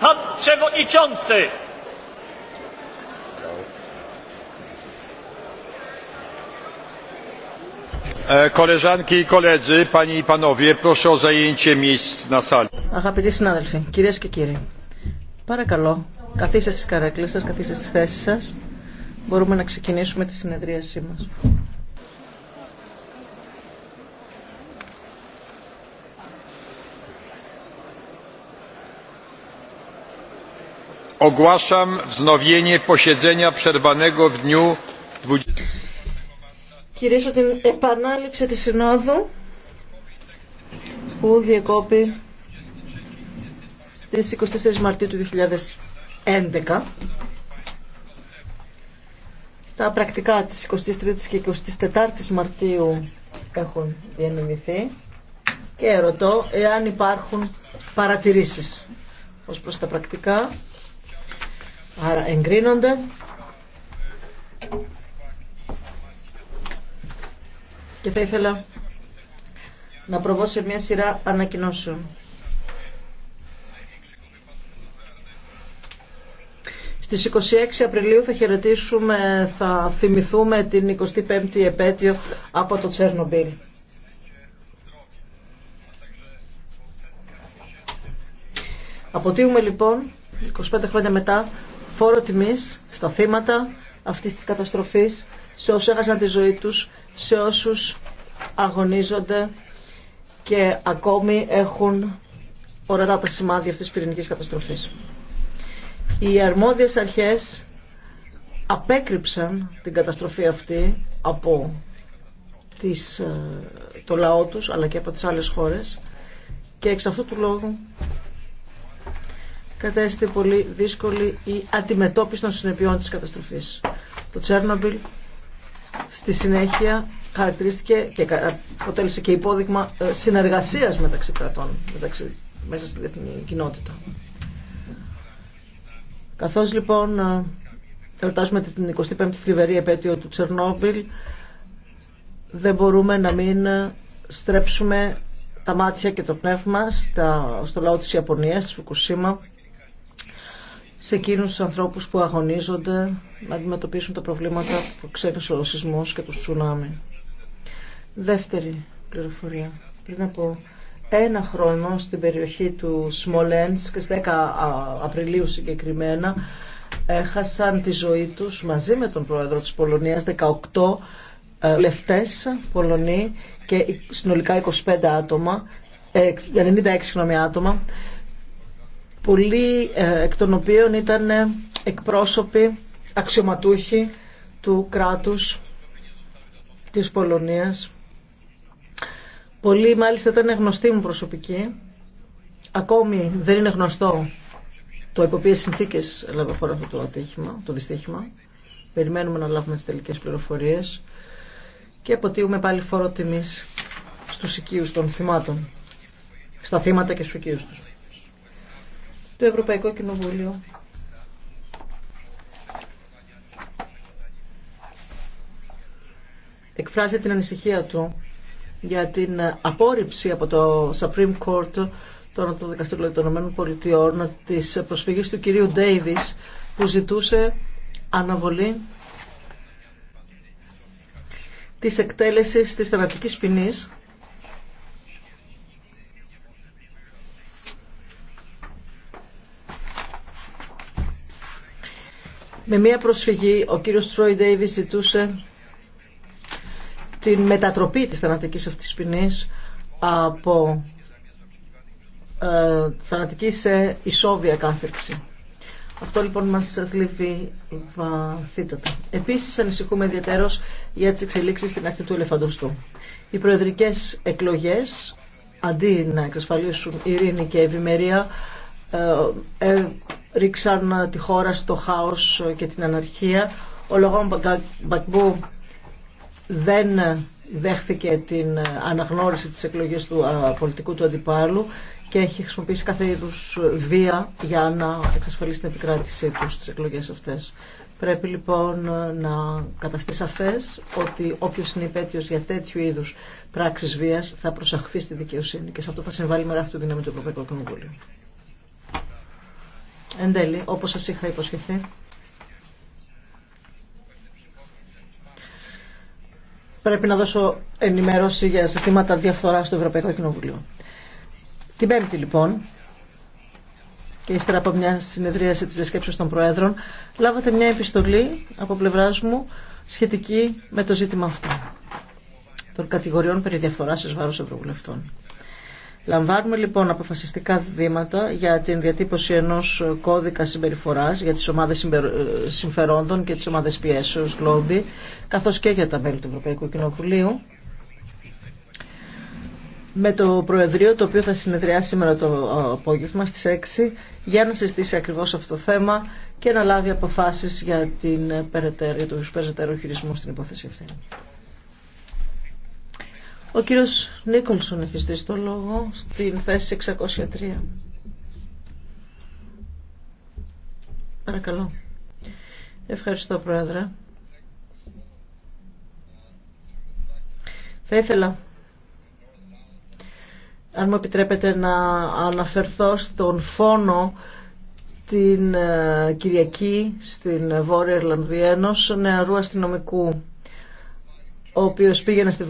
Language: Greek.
Pan Przewodniczący! E, koleżanki i koledzy, Panie i Panowie, proszę o zajęcie miejsc na sali. Αγαπητοί συνάδελφοι, κυρίες και κύριοι, παρακαλώ, καθίστε στις καρέκλες σας, καθίστε στις θέσεις σας. Μπορούμε να ξεκινήσουμε τη συνεδρίασή μας. Ogłaszam wznowienie posiedzenia przerwanego w dniu Κυρίσω την επανάληψη τη Συνόδου που διεκόπη στις 24 Μαρτίου του 2011. Τα πρακτικά της 23ης και 24ης Μαρτίου έχουν διανεμηθεί και ρωτώ εάν υπάρχουν παρατηρήσεις ως προς τα πρακτικά. Άρα εγκρίνονται. Και θα ήθελα να προβώ σε μια σειρά ανακοινώσεων. Στις 26 Απριλίου θα χαιρετήσουμε, θα θυμηθούμε την 25η επέτειο από το Τσέρνομπιλ. Αποτείουμε λοιπόν, 25 χρόνια μετά, φόρο τιμής στα θύματα αυτής της καταστροφής, σε όσου έχασαν τη ζωή τους, σε όσους αγωνίζονται και ακόμη έχουν ορατά τα σημάδια αυτής της πυρηνικής καταστροφής. Οι αρμόδιες αρχές απέκρυψαν την καταστροφή αυτή από τις, ε, το λαό τους αλλά και από τις άλλες χώρες και εξ αυτού του λόγου κατέστη πολύ δύσκολη η αντιμετώπιση των συνεπειών της καταστροφής. Το Τσέρνομπιλ στη συνέχεια χαρακτηρίστηκε και αποτέλεσε και υπόδειγμα ε, συνεργασίας μεταξύ κρατών, μεταξύ, μέσα στη διεθνή κοινότητα. Καθώς λοιπόν ε, εορτάζουμε την 25η θλιβερή επέτειο του Τσερνόμπιλ, δεν μπορούμε να μην ε, στρέψουμε τα μάτια και το πνεύμα στο λαό της Ιαπωνίας, της Φουκουσίμα, σε εκείνου του ανθρώπους που αγωνίζονται να αντιμετωπίσουν τα προβλήματα που ξέρει ο σεισμός και το τσουνάμι. Δεύτερη πληροφορία. Πριν από ένα χρόνο στην περιοχή του Σμολένς και στις 10 Απριλίου συγκεκριμένα έχασαν τη ζωή τους μαζί με τον πρόεδρο της Πολωνίας 18 ε, λεφτές Πολωνοί και συνολικά 25 άτομα 96 ε, άτομα πολλοί ε, εκ των οποίων ήταν ε, εκπρόσωποι, αξιωματούχοι του κράτους της Πολωνίας. Πολλοί μάλιστα ήταν γνωστοί μου προσωπικοί. Ακόμη δεν είναι γνωστό το υπό ποιες συνθήκες έλαβε χώρα αυτό το ατύχημα, το δυστύχημα. Περιμένουμε να λάβουμε τις τελικές πληροφορίες και αποτείουμε πάλι φόρο τιμής στους οικείους των θυμάτων, στα θύματα και στους οικείους τους. Το Ευρωπαϊκό Κοινοβούλιο Εκφράζει την ανησυχία του για την απόρριψη από το Supreme Court των Δικαστήριων των Πολιτειών της προσφυγής του κυρίου Ντέιβις που ζητούσε αναβολή της εκτέλεσης της θανατικής ποινής Με μία προσφυγή ο κύριος Τρόι Ντέιβις ζητούσε την μετατροπή της θανατικής αυτής ποινής από ε, θανατική σε ισόβια κάθεξη. Αυτό λοιπόν μας θλίβει βαθύτατα. Επίσης ανησυχούμε ιδιαίτερως για τις εξελίξεις στην αρχή του ελεφαντοστού. Οι προεδρικές εκλογές αντί να εξασφαλίσουν ειρήνη και ευημερία ε, ε, ρίξαν ε, τη χώρα στο χάος και την αναρχία. Ο Λογόν Μπακμπού δεν δέχθηκε την αναγνώριση της εκλογής του πολιτικού του αντιπάλου και έχει χρησιμοποιήσει κάθε είδου βία για να εξασφαλίσει την επικράτησή του στις εκλογές αυτές. Πρέπει λοιπόν να καταστεί σαφές ότι όποιο είναι υπέτειο για τέτοιου είδου πράξεις βία θα προσαχθεί στη δικαιοσύνη και σε αυτό θα συμβάλλει μεγάλη αυτή δύναμη του Ευρωπαϊκού Κοινοβουλίου εν τέλει, όπως σας είχα υποσχεθεί, πρέπει να δώσω ενημέρωση για ζητήματα διαφθοράς στο Ευρωπαϊκό Κοινοβουλίο. Την Πέμπτη, λοιπόν, και ύστερα από μια συνεδρίαση της διασκέψης των Προέδρων, λάβατε μια επιστολή από πλευράς μου σχετική με το ζήτημα αυτό των κατηγοριών περί διαφθοράς εις βάρος ευρωβουλευτών. Λαμβάνουμε λοιπόν αποφασιστικά βήματα για την διατύπωση ενός κώδικα συμπεριφοράς για τις ομάδες συμφερόντων και τις ομάδες πιέσεως, λόμπι, καθώς και για τα μέλη του Ευρωπαϊκού Κοινοβουλίου. Με το Προεδρείο, το οποίο θα συνεδριάσει σήμερα το απόγευμα στι 6, για να συστήσει ακριβώς αυτό το θέμα και να λάβει αποφάσει για, την για περαιτέρω χειρισμού στην υπόθεση αυτή. Ο κύριος Νίκολσον έχει στήσει το λόγο στην θέση 603. Παρακαλώ. Ευχαριστώ, Πρόεδρε. Θα ήθελα, αν μου επιτρέπετε, να αναφερθώ στον φόνο την ε, Κυριακή στην Βόρεια Ιρλανδία ενός νεαρού αστυνομικού ο οποίος πήγαινε στη δουλειά